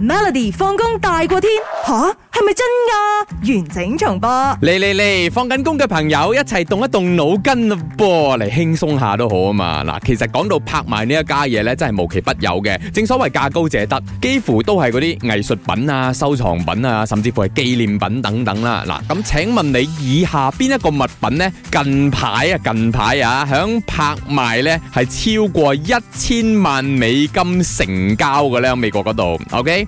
Melody 放工大過天吓，係咪真噶？完整重播嚟嚟嚟，放緊工嘅朋友一齊動一動腦筋咯，噃嚟輕鬆下都好啊嘛。嗱，其實講到拍賣呢一家嘢咧，真係無奇不有嘅。正所謂價高者得，幾乎都係嗰啲藝術品啊、收藏品啊，甚至乎係紀念品等等啦、啊。嗱，咁請問你以下邊一個物品咧，近排啊近排啊響拍賣咧係超過一千萬美金成交嘅咧？美國嗰度，OK？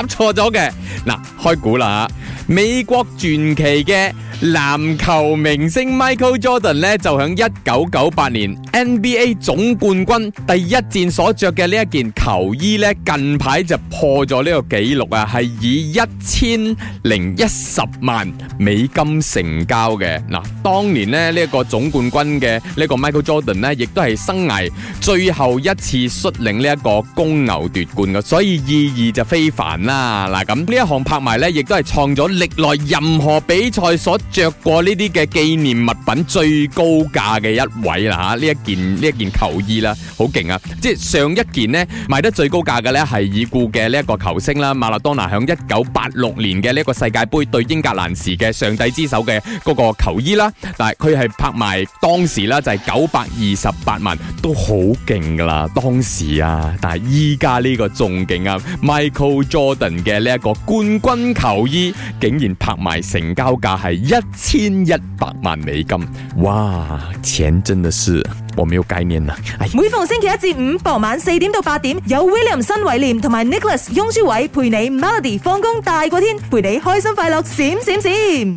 答錯咗嘅嗱，開估啦！美國傳奇嘅籃球明星 Michael Jordan 咧，就響一九九八年 NBA 總冠軍第一戰所着嘅呢一件球衣咧，近排就破咗呢個紀錄啊，係以一千零一十萬美金成交嘅。嗱，當年咧呢一個總冠軍嘅呢個 Michael Jordan 咧，亦都係生涯最後一次率領呢一個公牛奪冠嘅，所以意義就非凡。啦嗱，咁呢一項拍賣咧，亦都係創咗歷來任何比賽所着過呢啲嘅紀念物品最高價嘅一位啦吓，呢一件呢一件球衣啦，好勁啊！即係上一件咧賣得最高價嘅咧係已故嘅呢一個球星啦，馬拉多納響一九八六年嘅呢一個世界杯對英格蘭時嘅上帝之手嘅嗰個球衣啦，但係佢係拍賣當時啦就係九百二十八萬，都好勁噶啦，當時啊，但係依家呢個仲勁啊，Michael Jordan。嘅呢一個冠軍球衣，竟然拍賣成交價係一千一百萬美金，哇！錢真的是我沒有概念啦。每逢星期一至五傍晚四點到八點，有 William 新偉廉同埋 Nicholas 雍舒偉陪你 Melody 放工大過天，陪你開心快樂閃閃閃。閃閃閃